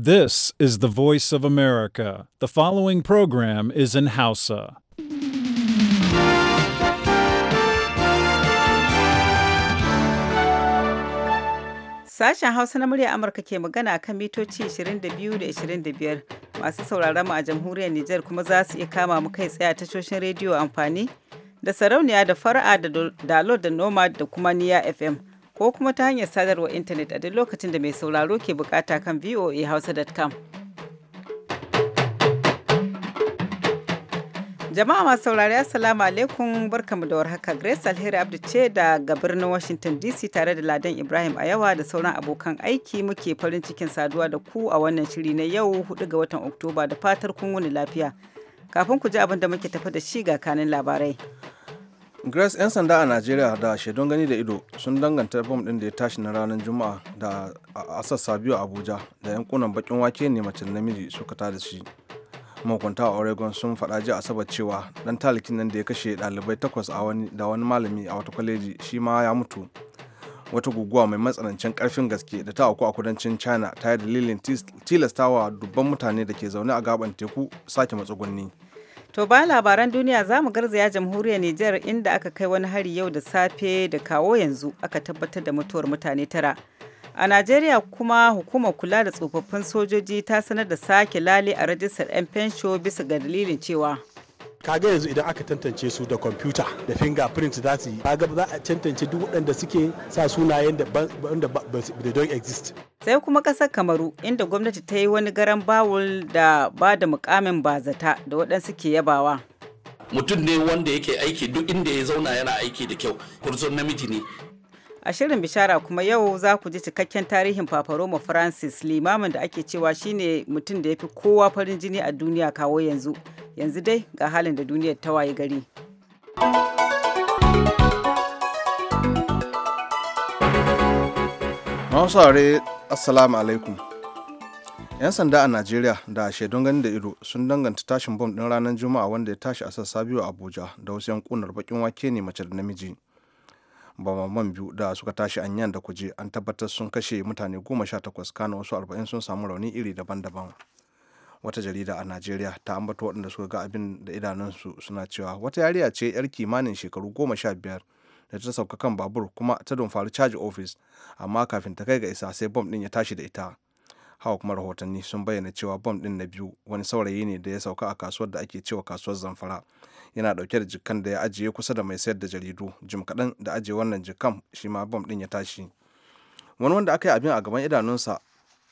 This is the voice of America. The following program is in Hausa. Sashen Hausa na murya Amurka ke magana kan mitoci 22 da 25 masu sauraron mu a jamhuriyar Nijar kuma za su iya kama mu kai tsaye a tashoshin rediyo amfani da sarauniya da fara'a da dalo da nomad da kuma niya FM. ko kuma ta hanyar sadarwar intanet a duk lokacin da mai sauraro ke bukata kan voahausa.com. Jama'a masu saurari Assalamu alaikum barkamu da warhaka Grace Alheri Abdu ce daga birnin Washington DC tare da Ladan Ibrahim a yawa da sauran abokan aiki muke farin cikin saduwa da ku a wannan shiri na yau 4 ga watan Oktoba da fatar kun wuni lafiya. Kafin ku ji abin da muke tafi da shi ga kanin labarai. grace 'yan sanda a najeriya da shaidun gani da ido sun danganta bom ɗin da ya tashi na ranar juma'a da a sassa biyu abuja da yankunan bakin wake ne mace namiji suka ta da shi mahukunta a oregon sun faɗa ji asabar cewa dan talakin nan da ya kashe ɗalibai takwas a wani da wani malami a wata kwaleji shi ma ya mutu wata guguwa mai matsanancin karfin gaske da ta auku a kudancin china ta yi dalilin tilastawa dubban mutane da ke zaune a gaban teku sake matsugunni. To ba labaran duniya za mu garzaya jamhuriyar Nijar inda aka kai wani hari yau da safe da kawo yanzu aka tabbatar da mutuwar mutane tara. A Najeriya kuma hukumar kula da tsofaffin sojoji ta sanar da sake lale a rajistar 'yan fensho bisa ga dalilin cewa kaga yanzu idan aka tantance su da kwamfuta da fingerprint za su yi kaga za a tantance duk waɗanda suke sa sunayen da da don exist sai kuma ƙasar kamaru inda gwamnati ta yi wani garan bawul da ba da mukamin bazata da waɗansu ke yabawa mutum ne wanda yake aiki duk inda ya zauna yana aiki da kyau kurzon namiji ne A shirin bishara kuma yau za ku ji cikakken tarihin Roma Francis limamin da ake cewa shine mutum da ya fi kowa farin jini a duniya kawo yanzu. Yanzu dai ga halin da duniyar ta waye gari. Mausare Assalamu alaikum. 'Yan sanda a Najeriya da shaidun ganin da ido sun danganta tashin bom ɗin ranar Juma'a wanda ya tashi a sassa biyu a Abuja da wasu yankunar bakin wake ne mace da namiji. bamaman biyu da suka tashi anyan da kuje an tabbatar sun kashe mutane goma sha takwas kano wasu arba'in sun samu rauni iri daban-daban wata jarida a najeriya ta ambata waɗanda suka ga abin da idanunsu suna cewa wata yariya ce yar kimanin shekaru goma sha biyar da ta sauka kan babur kuma ta don dumfari caji ofis amma kafin ta kai ga isa sai bom ɗin ya tashi da ita hawa kuma rahotanni sun bayyana cewa bom din na biyu wani saurayi ne da ya sauka a kasuwar da ake cewa kasuwar zamfara yana ɗauke da jikan da ya ajiye kusa da mai sayar da jaridu jim kaɗan da ajiye wannan jikan shi ma bom ɗin ya tashi wani wanda aka yi abin a gaban idanunsa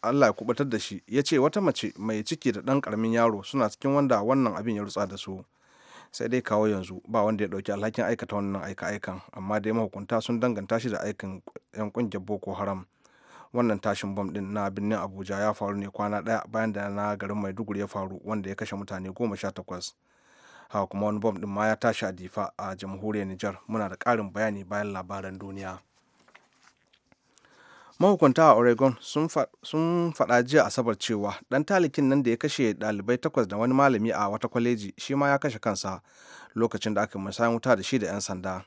allah ya kubutar da shi ya ce wata mace mai ciki da ɗan karamin yaro suna cikin wanda wannan abin ya rutsa da su sai dai kawo yanzu ba wanda ya ɗauki alhakin aikata wannan aika-aikan amma dai mahukunta sun danganta shi da aikin 'yan ƙungiyar boko haram wannan tashin bom din na birnin abuja ya faru ne kwana ɗaya bayan da na garin maiduguri ya faru wanda ya kashe mutane goma sha takwas haka kuma wani bom din ma ya tashi a difa a jamhuriyar nijar muna da karin bayani bayan labaran duniya mahukunta a oregon sun faɗa jiya asabar cewa ɗan talikin nan da ya kashe ɗalibai takwas da wani malami a wata kwaleji shi ma ya kashe kansa lokacin da aka musayan wuta da shi da 'yan sanda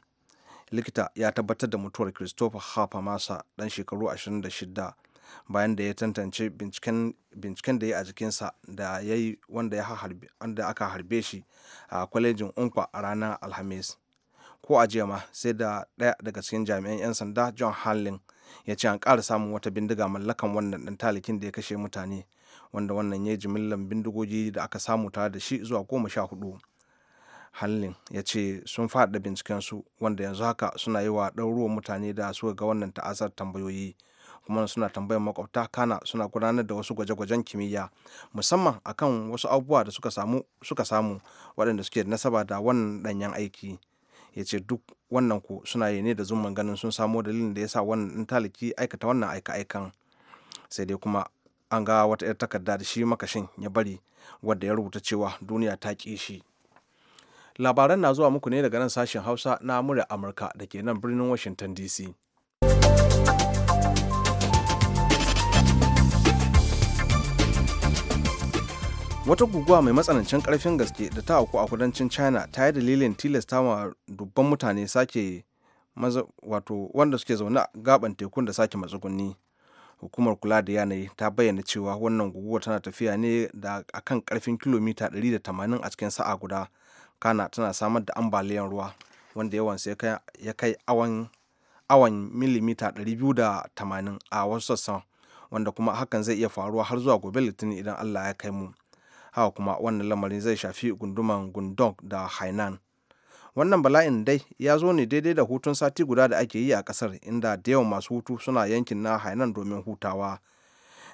likita ya tabbatar da mutuwar christopher harper masa dan shekaru 26 bayan da ya tantance binciken da ya a jikinsa da ya yi wanda aka harbe shi a kwalejin umfa a ranar alhamis ko a jiya ma sai da daya daga cikin jami'an 'yan sanda john hanlin ya ce an kara samun wata bindiga mallakan wannan ɗan talikin da ya kashe mutane wanda wannan ya yi jimillan bindigogi da aka samu tare da shi zuwa goma sha hudu hallin ya ce sun faɗa bincikensu wanda yanzu haka suna yi wa ɗauruwan mutane da suka ga wannan ta'azar tambayoyi kuma suna tambayar makwabta kana suna gudanar da wasu gwaje-gwajen kimiyya musamman akan wasu abubuwa da suka samu suka samu waɗanda suke da nasaba da wannan ɗanyen aiki ya ce duk wannan ku suna yi ne da zuman ganin sun samo dalilin da ya sa wannan taliki aikata wannan aika-aikan sai dai kuma an ga wata 'yar takarda da shi makashin ya bari wadda ya rubuta cewa duniya ta ƙi shi labaran na zuwa muku ne daga nan sashen hausa na murya amurka da ke nan birnin washington dc wata guguwa mai matsanancin karfin gaske da ta auku a kudancin china ta yi dalilin tilasta wa dubban mutane sake wato wanda suke zaune gaban tekun da sake matsugunni hukumar kula da yanayi ta bayyana cewa wannan guguwa tana tafiya ne da akan karfin kilomita 180 a cikin sa'a guda kana tana samar da ambaliyan ruwa wanda sai ya kai awan milimita 280 a wasu sassan wanda kuma hakan zai iya faruwa har zuwa gobe litinin idan allah ya kai mu haka kuma wannan lamarin zai shafi gunduman gundong da hainan wannan bala'in dai ya zo ne daidai da hutun sati guda da ake yi a kasar inda da yawan masu hutu suna yankin na hainan domin hutawa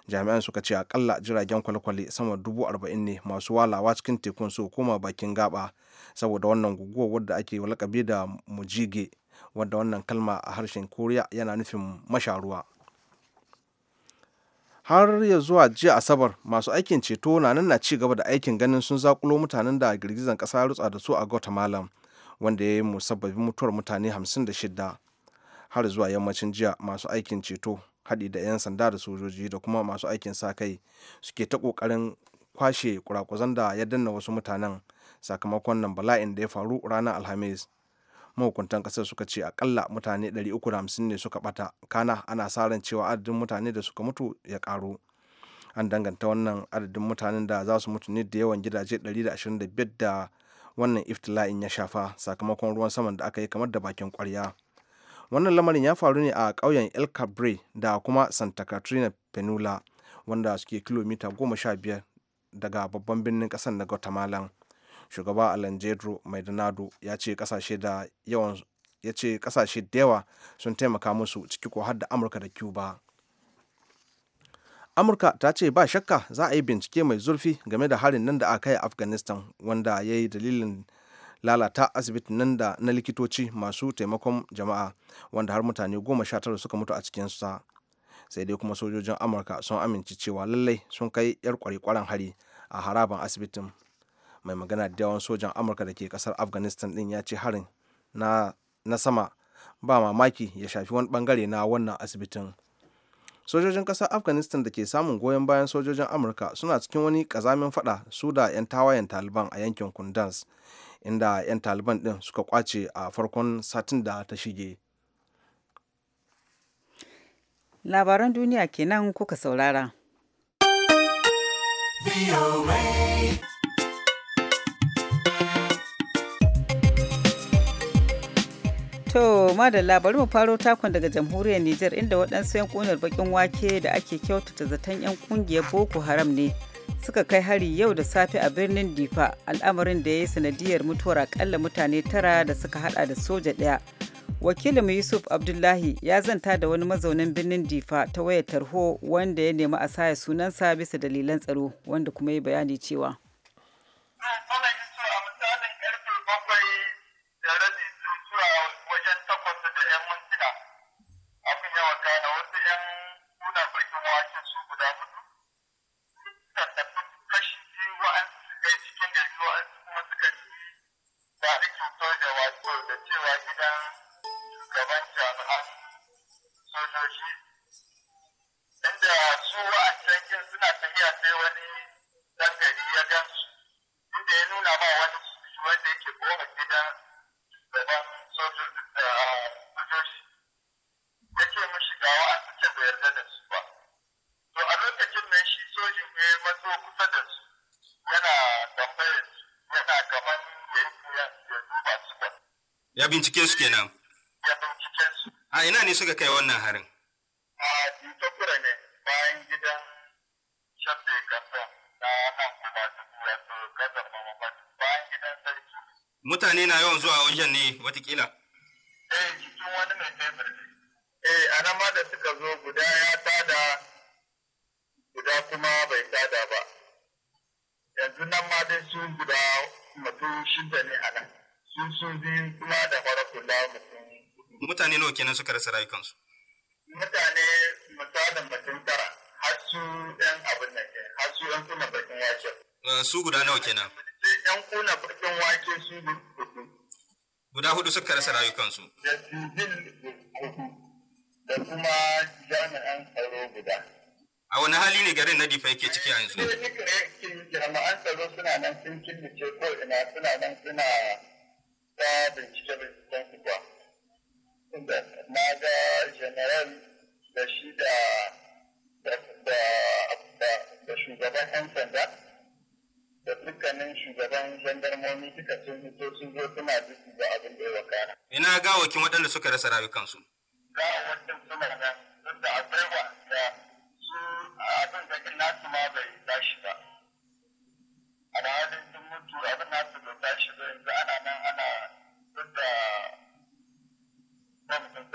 jami'an suka ce akalla jiragen kwalkwale sama dubu arba'in ne masu walawa cikin tekun su koma bakin gaba saboda wannan guguwa wadda ake lakabi da mujige wadda wannan kalma a harshen koriya yana nufin masharuwa har ya zuwa jiya asabar masu aikin ceto na nan na ci gaba da aikin ganin sun zakulo mutanen da girgizan kasa rutsa da su a guatemala wanda ya yi musabbabin mutuwar mutane 56 har zuwa yammacin jiya masu aikin ceto haɗi da 'yan sanda da sojoji da kuma masu aikin sa kai suke ta ƙoƙarin kwashe kurakuzan da ya danna wasu mutanen sakamakon nan bala'in da ya faru ranar alhamis mahukuntan ƙasar suka ce akalla mutane 350 ne suka bata kana ana sa ran cewa adadin mutane da suka mutu ya ƙaru an danganta wannan adadin mutanen da za su mutu ne da yawan gidaje 125 da wannan iftila'in ya shafa sakamakon ruwan saman da aka yi kamar da bakin kwarya wannan lamarin ya faru ne a ƙauyen el cabre da kuma santa katrina penula wanda suke kilomita goma sha biyar daga babban birnin ƙasar na guatemala shugaba alanjedro maidanado ya ce ƙasashe da yawan ya ce ƙasashe da yawa sun taimaka musu ciki ko har da amurka da cuba amurka ta ce ba shakka za a yi bincike mai zurfi game da harin nan da aka yi afghanistan wanda ya yi dalilin lalata asibiti nan da na likitoci masu taimakon jama'a wanda har mutane goma sha tara suka mutu a cikinsa sai dai kuma sojojin amurka sun amince cewa lallai sun kai yar kwarekwaren hari a haraban asibitin mai magana da yawan sojan amurka da ke kasar afghanistan din ya ce harin na, na sama ba mamaki ya shafi wani bangare na wannan asibitin sojojin kasar afghanistan da ke samun goyon bayan sojojin amurka suna cikin wani kazamin fada su da 'yan tawayen taliban a yankin kundans inda 'yan taliban din suka kwace a farkon satin da ta shige labaran duniya kenan kuka saurara To, madalla bari mu faro takon daga jamhuriyar Nijar inda waɗansu 'yan ƙunar baƙin wake da ake kyautata zaton 'yan ƙungiyar Boko Haram ne suka kai hari yau da safe a birnin difa al'amarin da ya yi sanadiyar mutuwar akalla mutane tara da suka hada da soja ɗaya wakilinmu yusuf abdullahi ya zanta da wani mazaunin birnin difa ta wayar tarho wanda ya nemi a saya sunansa bisa dalilan tsaro wanda kuma ya bayani cewa shi inda su wa'ancan suna tafiya sai wani dan gari ya gan su inda ya nuna ba wani su wanda yake goma gidan gaban sojoji da ah, sojoji ya ce mishi ga wa'ancan bai yarda da su ba to a lokacin nan shi sojin ya yi mazo kusa da su yana tambayar yana gaban ya yi duba su ba ya bincike su kenan ya bincike su a ina ne suka kai wannan harin mutane na yawan zuwa wajen ne watakila. Eh, jikin wani mai tebur ne. Eh, a nan ma da suka zo guda ya tada, guda kuma bai tada ba. Yanzu nan ma dai sun guda mutum shida ne a nan. Sun sun biyu kuma da fara kula mutum. Mutane nawa kenan suka rasa rayukansu? Mutane misalin mutum tara, har su ɗan abin da ke, har su ɗan kuma bakin yashe. Eh, su guda nawa kenan? sai yan ƙuna bakin wake su guda hudu suka rasa rayukansu da da kuma jami'an tsaro guda a wani hali ne garin na difa yake ciki a yanzu jami'an tsaro suna nan sun killace ko ina suna nan suna ta bincike binciken su kuwa na ga general da shi da da shugaban 'yan sanda da dukkanin shugaban jandarmomi duka sun fito sun zo suna jiki da abin da ya wakana. Ina gawakin waɗanda suka rasa rayukansu. Gawakin suna nan da akwai wanda su abin da ke nasu ma bai tashi ba. A halin sun mutu abin nasu bai tashi ba yanzu ana nan ana wanda gwamnatin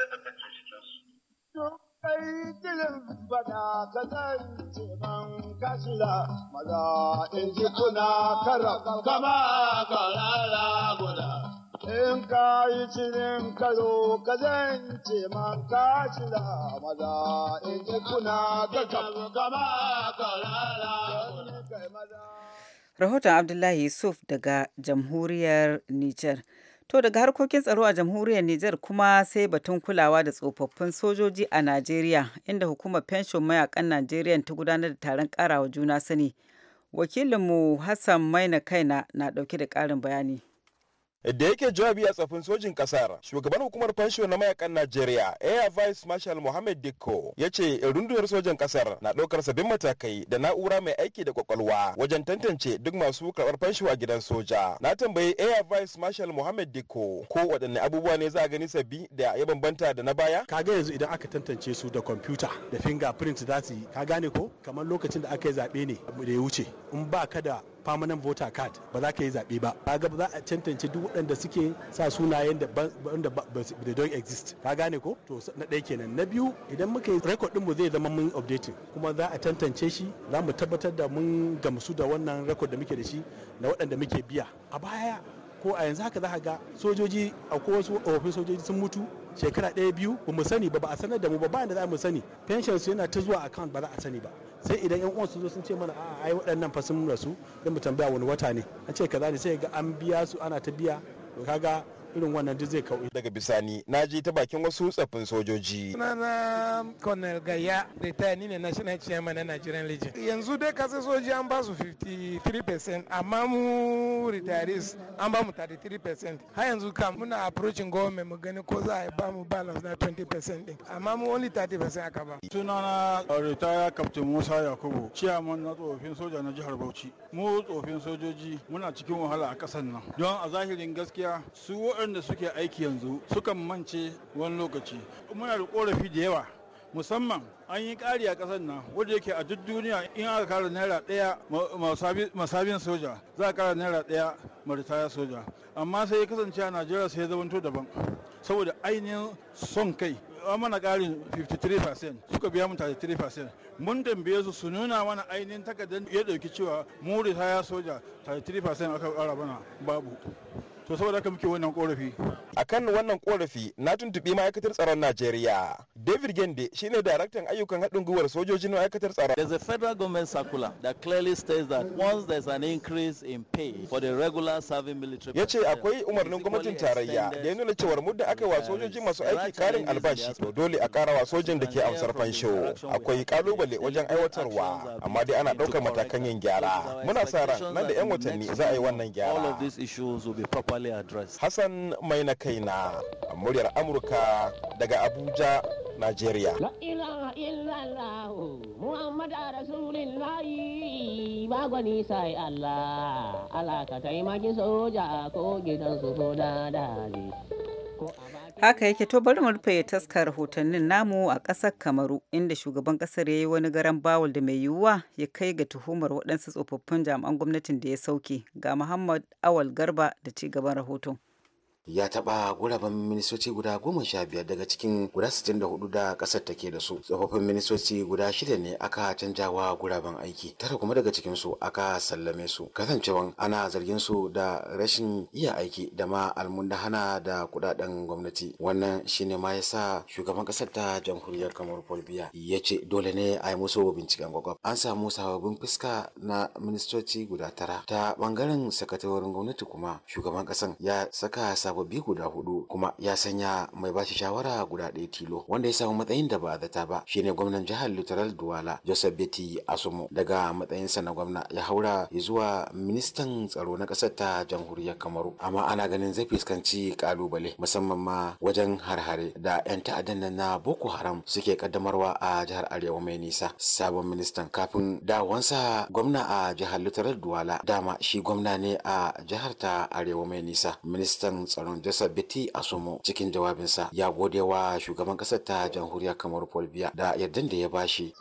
da ta take cikinsu. To, kai kiran bada ka zance kira maza in ji kuna kara kama karara guda. In ka yi cirin karo ka zance man ka shira maza in ji kuna kara kama karara guda. Rahoton Abdullahi Yusuf daga Jamhuriyar Nijar. To daga harkokin tsaro a jamhuriyar Nijar kuma sai batun kulawa da tsofaffin sojoji a Najeriya inda hukumar fenshon mayakan Najeriya ta gudanar da taron karawa juna sani. Wakilinmu Hassan Maina Kaina na ɗauke da ƙarin bayani. da yake jawabi a tsafin sojin kasar shugaban hukumar fansho na mayakan najeriya air vice marshal mohammed dikko ya ce rundunar sojan kasar na ɗaukar sabbin matakai da na'ura mai aiki da kwakwalwa wajen tantance duk masu karɓar fansho a gidan soja na tambayi air vice marshal mohammed dikko ko waɗanne abubuwa ne za a gani sabbi da ya bambanta da na baya kaga yanzu idan aka tantance su da kwamfuta da fingerprint za su yi ka gane ko kamar lokacin da aka yi zaɓe ne da ya wuce in ba ka da permanent voter card ba za ka yi zaɓe ba kaga ga za a tantance duk waɗanda suke sa sunayen da ba da don exist ka gane ko to na ɗaya kenan na biyu idan muka yi record ɗinmu zai zama mun updating kuma za a tantance shi za mu tabbatar da mun gamsu da wannan record da muke da shi na waɗanda muke biya a baya ko a yanzu haka za ka ga sojoji a wasu ofin sojoji sun mutu shekara ɗaya biyu ba mu sani ba ba a sanar da mu ba ba da za mu sani pension su yana ta zuwa account ba za a sani ba sai idan yan uwan su zo sun ce mana a'a ai waɗannan fa sun rasu dan mu tambaya wani wata ne an ce kaza ne sai ga an biya su ana ta biya to kaga irin wannan duk zai kauye daga bisani na je ta bakin wasu tsaffin sojoji sunana colonel gaya retire ni ne national chairman na Nigerian Legion yanzu dai kasa soji an ba su 53% amma mu retirees an ba mu 33% ha yanzu kam muna approaching government mu gani ko za a ba mu balance na 20% din amma mu only 30% aka ba sunana retire captain Musa Yakubu chairman na tsofin soja na jihar Bauchi mu tsofin sojoji muna cikin wahala a kasan nan don a zahirin gaskiya su waɗanda suke aiki yanzu sukan mance wani lokaci muna da korafi da yawa musamman an yi ƙari a ƙasar nan wanda yake a duk duniya in aka kara naira ɗaya masabin soja za a kara naira ɗaya maritaya soja amma sai ya kasance a najeriya sai ya zamanto daban saboda ainihin son kai mana ƙarin 53% suka biya mu 33% mun dambe su su nuna mana ainihin takardar ya ɗauki cewa mu ritaya soja 33% aka ƙara mana babu to saboda haka muke wannan korafi akan wannan korafi na tuntubi ma'aikatar tsaron Najeriya David Gende shine daraktan ayyukan haɗin gwiwar sojojin ma'aikatar tsaron There's a federal government circular that clearly states that once there's an increase in pay for the regular serving military yace akwai umarnin gwamnatin tarayya da ya nuna cewar muddin aka wa sojoji masu aiki karin albashi to dole a kara wa sojin da ke amsar fansho akwai kalubale wajen aiwatarwa amma dai ana ɗaukar matakan yin gyara muna sa ran nan da 'yan watanni za a yi wannan gyara properly address. Hassan mai na kaina muryar Amurka daga Abuja, Nigeria. La ilaha illallah Muhammad Rasulullah ba gwani sai Allah alaka taimaki soja ko gidan su ko da haka yake to bari mu rufe taskar rahotannin namu a ƙasar kamaru inda shugaban ƙasar ya yi wani garan bawul da mai yiwuwa ya kai ga tuhumar waɗansu tsofaffin jami'an gwamnatin da ya sauke ga muhammad awal garba da ci gaban rahoton ya taɓa guraben ministoci guda goma sha biyar daga cikin guda sittin da hudu da ƙasar take da su tsofaffin ministoci guda shida ne aka canjawa guraben aiki tara kuma daga cikin su aka sallame su kasancewan ana zargin su da rashin iya aiki da ma hana da kudaden gwamnati wannan shine ma yasa shugaban ƙasar ta jamhuriyar kamar paul biya ya ce dole ne a yi musu binciken gwagwab an samu sababbin fuska na ministoci guda tara ta bangaren sakatawar gwamnati kuma shugaban ƙasan ya saka sababbi guda hudu kuma ya sanya mai bashi shawara guda ɗaya tilo wanda ya samu matsayin da ba a zata ba shine gwamnan jihar Littoral Duwala Joseph Beti Asumo daga matsayinsa na gwamna ya haura zuwa ministan tsaro na ƙasar ta jamhuriyar Kamaru amma ana ganin zai fuskanci kalubale musamman ma wajen harhare da 'yan ta'addan nan na Boko Haram suke kaddamarwa a jihar Arewa mai nisa sabon ministan kafin dawansa gwamna a jihar Littoral Duwala dama shi gwamna ne a jihar ta Arewa mai nisa ministan tsaro tsaron jasa biti sumo cikin jawabinsa ya gode wa shugaban kasar ta jamhuriyar kamar paul biya da yardan da ya ba shi.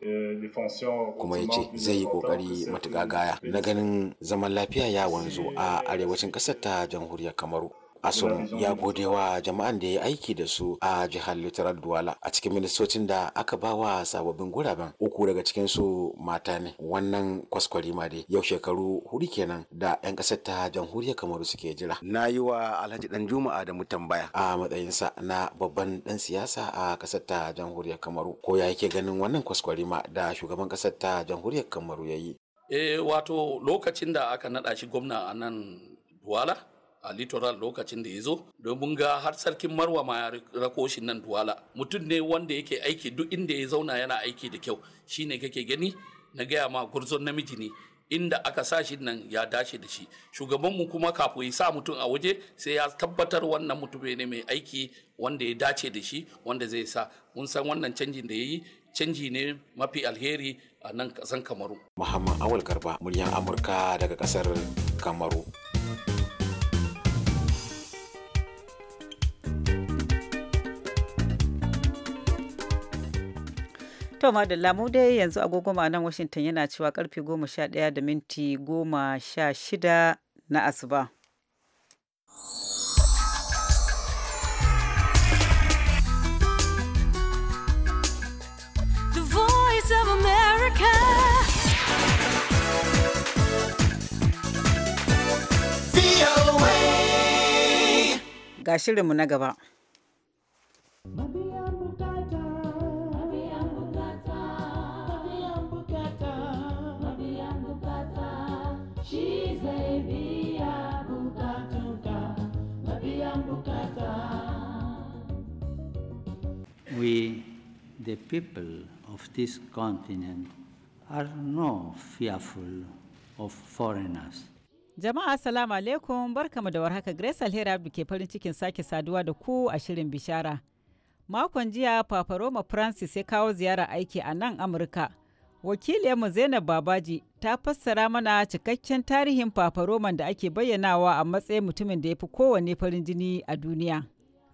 Euh, euh, kuma ya ce zai yi kokari matuƙa gaya na ganin zaman lafiya ya wanzu a arewacin kasar ta jamhuriyar kamaru Asun ya gode wa jama'an da ya aiki da su a jihar Littoral Duwala a cikin ministocin da aka ba wa sababbin guraben uku daga cikin su mata ne wannan kwaskwari ma dai yau shekaru hudu kenan da 'yan kasar ta jamhuriyar Kamaru suke jira. Na yi wa Alhaji Dan Juma'a da tambaya a matsayinsa na babban dan siyasa a kasar ta jamhuriyar Kamaru ko ya yake ganin wannan kwaskwari ma da shugaban kasar ta jamhuriyar Kamaru ya yi. E wato lokacin da aka naɗa shi gwamna a nan Duwala a littoral lokacin da ya zo domin ga har sarkin marwa ma ya rako nan duwala mutum ne wanda yake aiki duk inda ya zauna yana aiki da kyau shine kake gani na gaya ma gurzon namiji ne inda aka sa shi nan ya dace da shi shugabanmu kuma kafin ya sa mutum a waje sai ya tabbatar wannan mutum ne mai aiki wanda ya dace da shi wanda zai sa mun san wannan canjin da ya yi canji ne mafi alheri a nan kasan kamaru muhammad awal garba muryar amurka daga kasar kamaru To da mu dai yanzu agogo nan Washington yana cewa karfe 11 da minti 16 na asuba. The Voice of America. Ga shirinmu na gaba. we, the people of this continent, are no fearful of foreigners. Jama'a salamu alaikum barkamu da warhaka Grace alhera Abdu ke farin cikin sake saduwa da ku a shirin bishara. Makon jiya Papa Francis ya kawo ziyara aiki a nan Amurka. Wakiliyarmu Zainab Babaji ta fassara mana cikakken tarihin Papa da ake bayyanawa a matsayin mutumin da ya fi kowanne farin jini a duniya.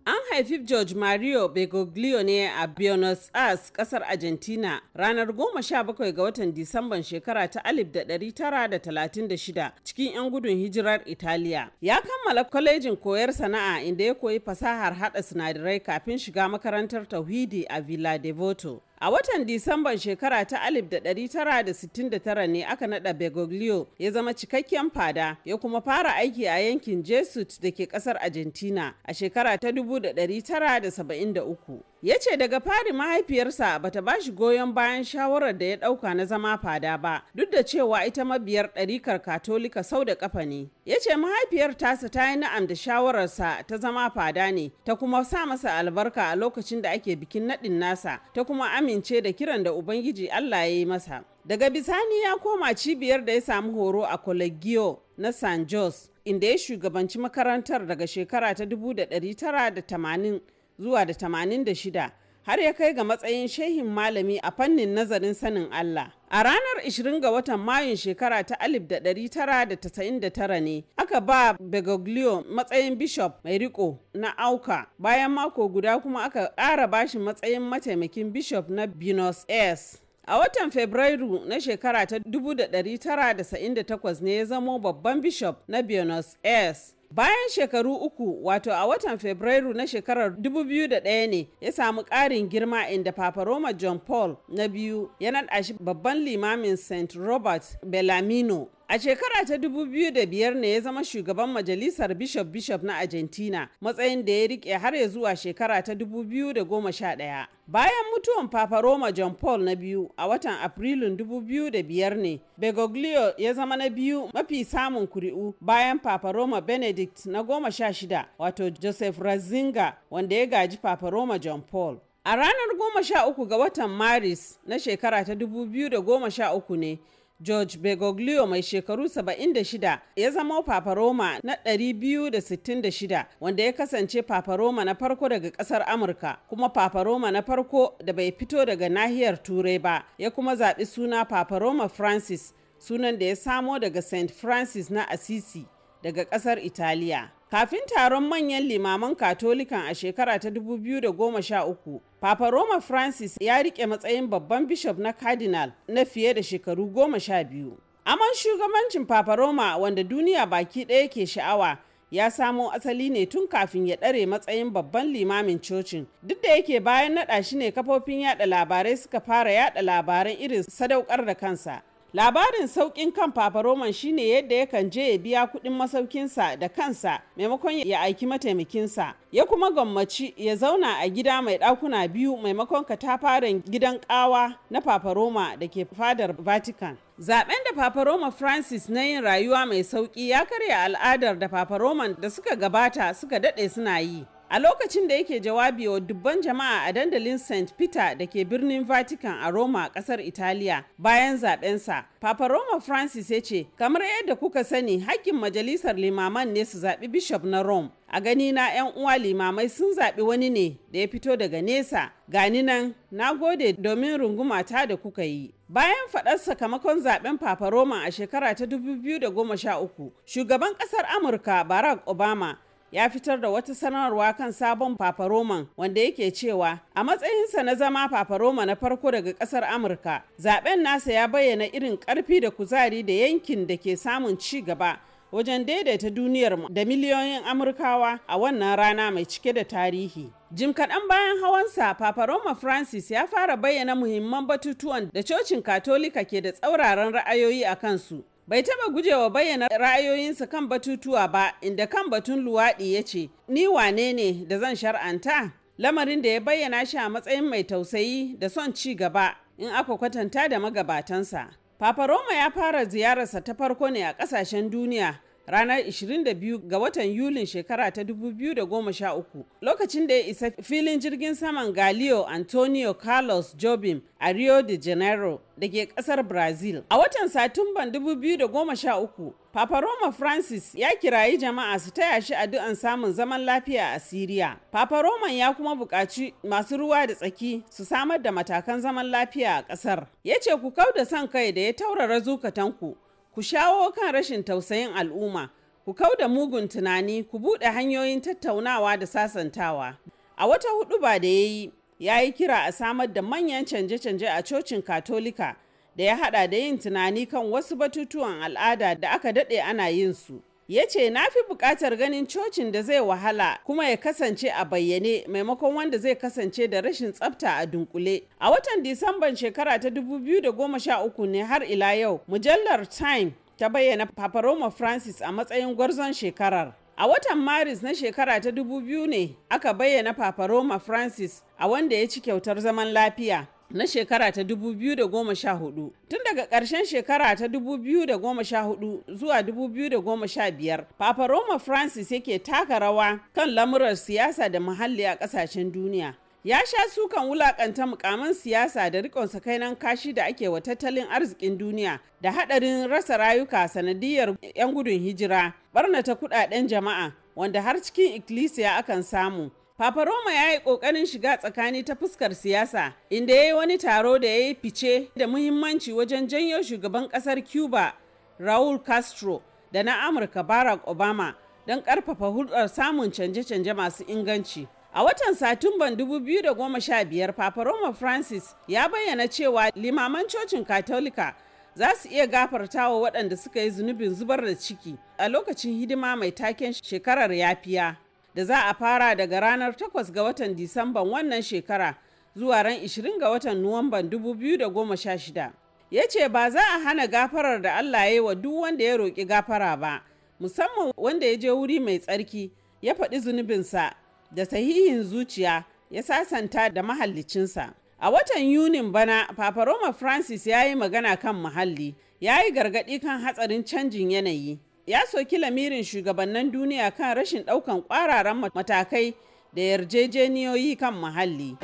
An haifi George Mario Begoglio ne a Buenos Aires, kasar Argentina ranar 17 ga watan Disamban shekara ta 1936 cikin 'yan gudun hijirar Italiya. Ya kammala kwalejin koyar sana'a inda ya koyi fasahar hada sinadarai kafin shiga makarantar tauhidi a Villa Devoto. A watan Disamban shekara ta 1969 ne aka nada begoglio ya zama cikakken fada ya kuma fara aiki a yankin Jesuit da ke kasar Argentina a shekara ta 1973. ya ce daga fari mahaifiyarsa bata ba shi goyon bayan shawarar da ya dauka na zama fada ba duk da cewa ita mabiyar ɗarikar katolika sau da ƙafa ne ya ce mahaifiyar tasa ta yi na'am da shawararsa ta zama fada ne ta kuma sa masa albarka a lokacin da ake bikin naɗin nasa ta kuma amince da kiran da ubangiji allah ya yi masa daga bisani ya koma cibiyar da ya samu horo a colegio na san jos inda ya shugabanci makarantar daga shekara ta 1980 zuwa da 86 har ya kai ga matsayin shehin malami a fannin nazarin sanin Allah. A ranar 20 ga watan Mayun shekara ta 1999 ne aka ba Begoglio matsayin bishop mai riko na Auka bayan mako guda kuma aka ƙara bashi matsayin mataimakin bishop na Buenos Aires. A watan Fabrairu na shekara ta 1998 ne ya zamo babban bishop na Buenos Aires. Bayan shekaru uku wato a watan Fabrairu na shekarar 2001 ne ya samu ƙarin girma inda Papa John Paul na biyu ya naɗa shi babban limamin St. Robert Bellamino A shekara ta dubu biyu da biyar ne ya zama shugaban majalisar Bishop Bishop na Argentina, matsayin da ya rike har ya zuwa shekara ta dubu biyu da goma sha 2011. Bayan mutuwan Papa Roma John Paul na biyu a watan Afrilun biyar ne, Begoglio ya zama na biyu mafi samun kuri'u bayan Papa Roma Benedict na goma sha shida, wato Joseph Razinga wanda ya gaji Papa Roma John Paul. A ranar goma sha uku ga watan Maris na shekara ta dubu biyu da goma sha uku ne, George Begoglio mai shekaru 76 ya zama Papa Roma na 266 wanda ya kasance Papa Roma na farko daga kasar Amurka kuma Papa Roma na farko da bai fito daga nahiyar Turai ba ya kuma zaɓi suna Papa Roma Francis sunan da ya samo daga St. Francis na Assisi daga kasar Italiya. Kafin taron manyan limaman Katolikan a shekara ta 2013, Papa Roma Francis ya rike matsayin babban bishop na cardinal na fiye da shekaru goma sha biyu. Aman shugabancin Papa Roma wanda duniya baki ɗaya ke sha'awa ya samo asali ne tun kafin ya ɗare matsayin babban limamin cocin duk da yake bayan naɗa shi ne kafofin yada labarai suka fara yada labaran irin sadaukar da kansa labarin sauƙin kan fafaroman shine yadda yakan je ya biya kuɗin masaukinsa da kansa maimakon ya aiki mataimakinsa ya kuma gwammaci ya zauna a gida mai ɗakuna biyu maimakon katafaren gidan ƙawa na fafaroma da ke fadar vatican Zaben da Paparoma Francis na yin rayuwa mai sauƙi ya karya al'adar da fafaroman da suka gabata suka daɗe suna yi. A lokacin da yake jawabi wa dubban jama'a a dandalin St. Peter da ke birnin Vatican a Roma, kasar Italiya bayan zabensa, Papa Roma Francis ya ce, kamar yadda kuka sani hakkin majalisar limaman ne su zaɓi bishop na Rome. A gani na 'yan uwa limamai sun zaɓi wani ne da ya fito daga nesa, gani nan na gode domin rungumata da kuka yi. Bayan faɗar sakamakon zaben Papa Roma a shekara ta 2013, shugaban ƙasar Amurka Barack Obama ya fitar da wata sanarwa kan sabon Papa Roman wanda yake cewa a matsayinsa na zama Papa Roma na farko daga kasar Amurka zaben nasa ya bayyana irin karfi da kuzari da yankin da ke samun ci gaba wajen daidaita duniyar da miliyoyin Amurkawa a wannan rana mai cike da tarihi. Jim kaɗan bayan hawansa, Papa Roma Francis ya fara bayyana muhimman batutuwan da cocin Katolika ke da tsauraran ra'ayoyi a kansu, bai taba gujewa bayyana ra'ayoyinsa kan batutuwa ba inda kan batun luwaɗi ya ce ni wane ne da zan shar'anta lamarin da ya bayyana shi a matsayin mai tausayi da son ci gaba in aka kwatanta da magabatansa papa roma ya fara ziyararsa ta farko ne a ƙasashen duniya ranar 22 ga watan Yulin shekara ta 2013 lokacin da ya isa filin jirgin saman Galio Antonio Carlos Jobim a Rio de Janeiro da ke kasar Brazil. A watan Satumban 2013, Papa Roma Francis ya kirayi jama'a su taya shi addu'an samun zaman lafiya a Siriya. Papa roma ya kuma buƙaci masu ruwa da tsaki su samar da matakan zaman lafiya a ƙasar. Ya ce ku kau da son kai da ya taurara zukatanku ku shawo kan rashin tausayin al'umma ku kau da mugun tunani ku buɗe hanyoyin tattaunawa da sasantawa a wata hudu ba da ya yi ya yi kira a samar da manyan canje-canje a cocin katolika da ya hada da yin tunani kan wasu batutuwan al'ada da aka daɗe ana yin su. ya ce na fi bukatar ganin cocin da zai wahala kuma ya kasance a bayyane maimakon wanda zai kasance da rashin tsafta a dunkule a watan disamban shekara ta 2013 ne har ila yau mujallar time ta bayyana paparoma francis a matsayin gwarzon shekarar a watan maris na shekara ta 2000 ne aka bayyana paparoma francis a wanda ya ci kyautar zaman lafiya na shekara ta 2014 tun daga ƙarshen shekara ta 2014 zuwa 2015 papa roma francis yake taka rawa kan lamurar siyasa da muhalli a ƙasashen duniya ya sha sukan wulakanta mukamin siyasa da rikon sakainan kashi da ake wa tattalin arzikin duniya da haɗarin rasa rayuka sanadiyar 'yan gudun hijira barnata kudaden jama'a wanda har cikin ikkilisiya akan samu Papa Roma ya yi ƙoƙarin shiga tsakani ta fuskar siyasa, inda ya yi wani taro da ya yi fice da muhimmanci wajen janyo shugaban ƙasar Cuba, Raul Castro, da na Amurka Barack Obama, don ƙarfafa hulɗar samun canje-canje masu inganci. A watan Satumban 2015, Papa Roma Francis ya bayyana cewa limaman cocin Katolika za su iya gafartawa waɗanda suka yi zunubin zubar da ciki a lokacin hidima mai taken shekarar yafiya. da za a fara daga ranar 8 ga watan Disamban wannan shekara zuwa ran 20 ga watan Nuwamban 2016. Ya ce ba za a hana gafarar da Allah ya yi wa duk wanda ya roƙi gafara ba, musamman wanda ya je wuri mai tsarki ya faɗi zunubinsa da sahihin zuciya ya sasanta da mahallicinsa. A watan Yunin bana, Papa Roma Francis ya yi magana kan muhalli, ya yi gargaɗi kan hatsarin canjin yanayi. ya soki lamirin shugabannin duniya kan rashin daukan kwararan matakai da yarjejeniyoyi kan muhalli.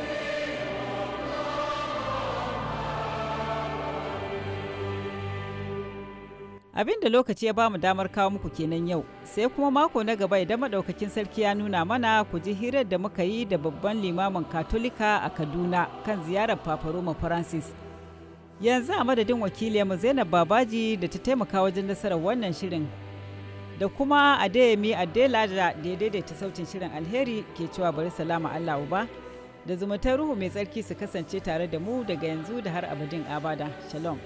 abin da lokaci ya bamu damar kawo muku kenan yau sai kuma mako na gaba idan madaukakin sarki ya nuna mana ku ji hirar da muka yi da babban limamin katolika a kaduna kan ziyarar roma francis yanzu a madadin wakiliyarmu zainab babaji da ta taimaka wajen nasarar wannan shirin da kuma a adeyemi adela da daidaita sautin shirin alheri ke cewa bari salama allah uba da zumuntar ruhu mai tsarki su kasance tare da mu daga yanzu da har abadin abada shalom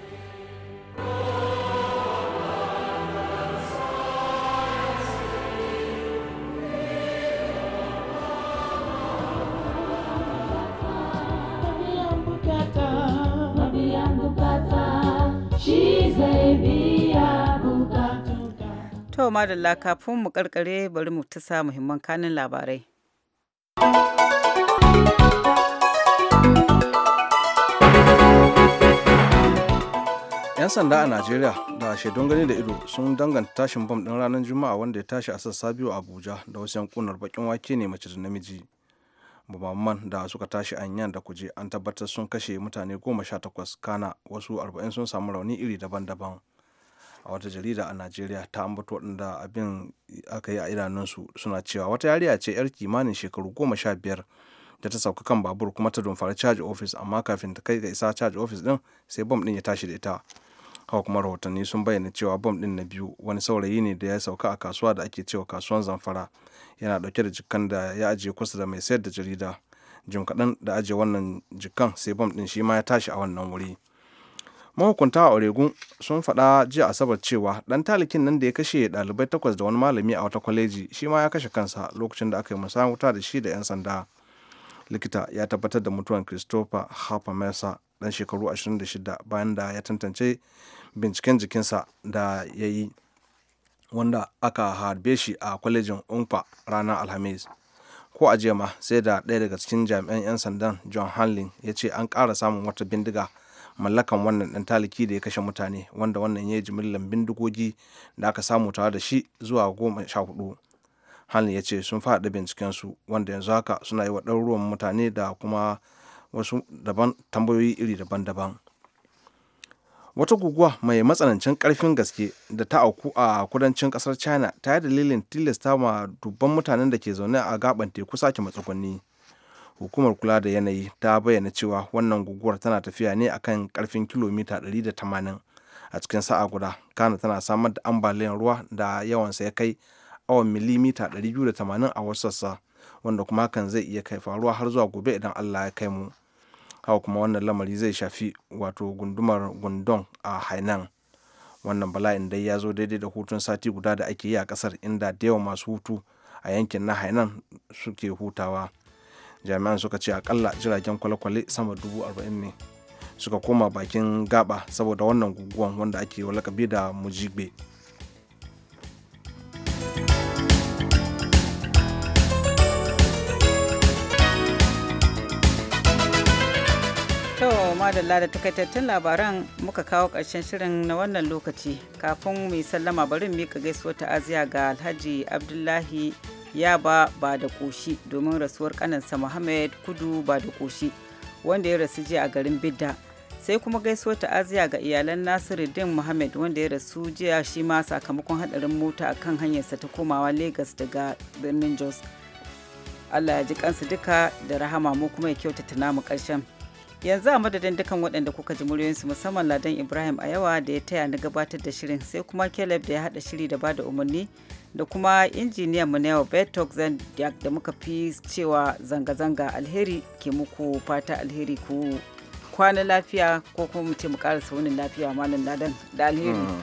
To madalla kafin mu karkare bari mu ta sa muhimman kanin labarai. yan sanda a najeriya da shaidun gani da ido sun danganta tashin bam din ranar juma'a wanda ya tashi a sassa biyu abuja da wasu yankunan bakin wake ne mace da namiji bamaman da suka tashi a yan da kuje an tabbatar sun kashe mutane goma sha takwas kana wasu arba'in sun samu rauni iri daban-daban a wata jarida a najeriya ta ambata waɗanda abin aka yi a idanunsu suna cewa wata yariya ce yar kimanin shekaru goma sha biyar da ta sauka kan babur kuma ta dumfari charge office amma kafin ta kai ga isa charge office din sai bom din ya tashi da ita haka kuma rahotanni sun bayyana cewa bom din na biyu wani saurayi ne da ya sauka a kasuwa da ake cewa kasuwan zamfara yana dauke da jikan da ya ajiye kusa da mai sayar da jarida jim kaɗan da ajiye wannan jikan sai bom din shi ma ya tashi a wannan wuri. mahukunta a oregun sun faɗa jiya asabar cewa ɗan talikin nan da ya kashe ɗalibai takwas da wani malami a wata kwaleji shi ma ya kashe kansa lokacin da aka yi musayar wuta da shi da 'yan sanda likita ya tabbatar da mutuwan christopher harper mesa ɗan shekaru 26 bayan da ya tantance binciken jikinsa da ya yi wanda aka harbe shi a kwalejin umfa ranar alhamis ko a ma sai da ɗaya daga cikin jami'an 'yan sandan john hanlin ya ce an ƙara samun wata bindiga mallakan wannan ɗan taliki da ya kashe mutane wanda wannan ya yi jimillan bindigogi da aka samu tare da shi zuwa goma sha hudu hannun ya ce sun binciken su wanda yanzu haka suna yi wa ɗaruruwan mutane da kuma wasu daban tambayoyi iri daban-daban wata guguwa mai matsanancin karfin gaske da ta auku a kudancin kasar china ta yi dalilin tilasta ma dubban mutanen da ke zaune a gaban teku sake matsugunni hukumar kula da yanayi ta bayyana cewa wannan guguwar tana tafiya ne akan karfin kilomita 180 a cikin sa'a guda kana tana samar da ambaliyar ruwa da yawansa ya kai awon milimita 280 a wasassa wanda kuma hakan zai iya kai faruwa har zuwa gobe idan allah ya kai mu hawa kuma wannan lamari zai shafi wato gundumar gundon a hainan wannan bala'in dai ya zo daidai da hutun sati guda da ake yi a kasar inda da yawa masu hutu a yankin na hainan suke hutawa jami'an suka ce akalla jiragen kwale-kwale sama dubu arba'in ne suka koma bakin gaba saboda wannan guguwan wanda ake lakabi da mujigbe madalla da takaitattun labaran muka kawo ƙarshen shirin na wannan lokaci kafin mai sallama bari mika gaisuwar ta'aziya ga alhaji abdullahi ya ba da koshi domin rasuwar kanansa muhammad kudu ba da koshi wanda ya rasu jiya a garin bidda sai kuma gaisuwar ta'aziya ga iyalan nasiru nasiruddin muhammad wanda ya rasu jiya shi ma sakamakon hadarin mota a kan hanyarsa ta komawa lagos daga birnin jos allah ya ji kansu duka da rahama mu kuma ya kyautata namu karshen yanzu a madadin dukan waɗanda kuka ji muryoyinsu musamman ladan ibrahim a yawa da ya taya ni gabatar da shirin sai kuma caleb da ya haɗa shiri da bada umarni da kuma injiniyan mu yau Bertok zan da muka fi cewa zanga-zanga alheri ke muku fata alheri ku kwana lafiya ko kuma mu ce mu karasa wani lafiya malam ladan da alheri. Mm.